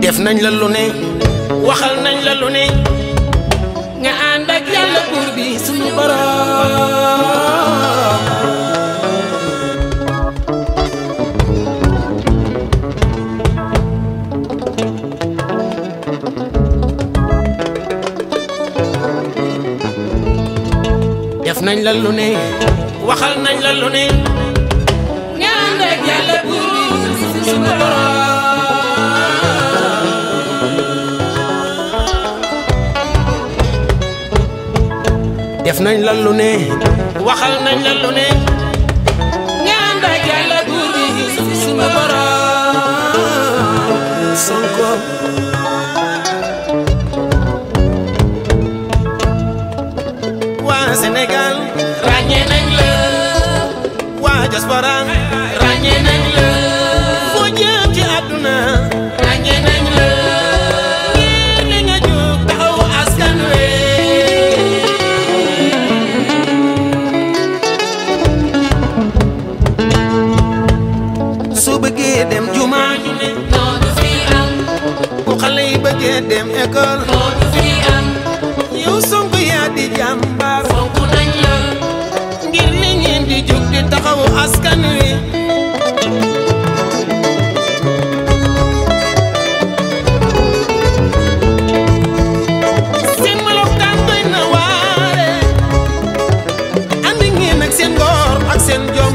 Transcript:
def nañ la lu ne waxal nañ la lu ne nga ànd ak yàlla bi borom def nañ la lu waxal nañ la lu ne ñaan rek yàlla buur suñu borom def nañ waxal nañ la lu ne ñaan rek yàlla buur Sonko waa Sénégal ràññee nañ la waa diaspora ràññee nañ la foo jëm ci àdduna ràññee nañ nga askan su dem jumaa ñu bëggee dem école. yow Sonko yaa di jàmbaar. fonk nañ la. ngir li ngeen di jóg di askan wi. Kan jom.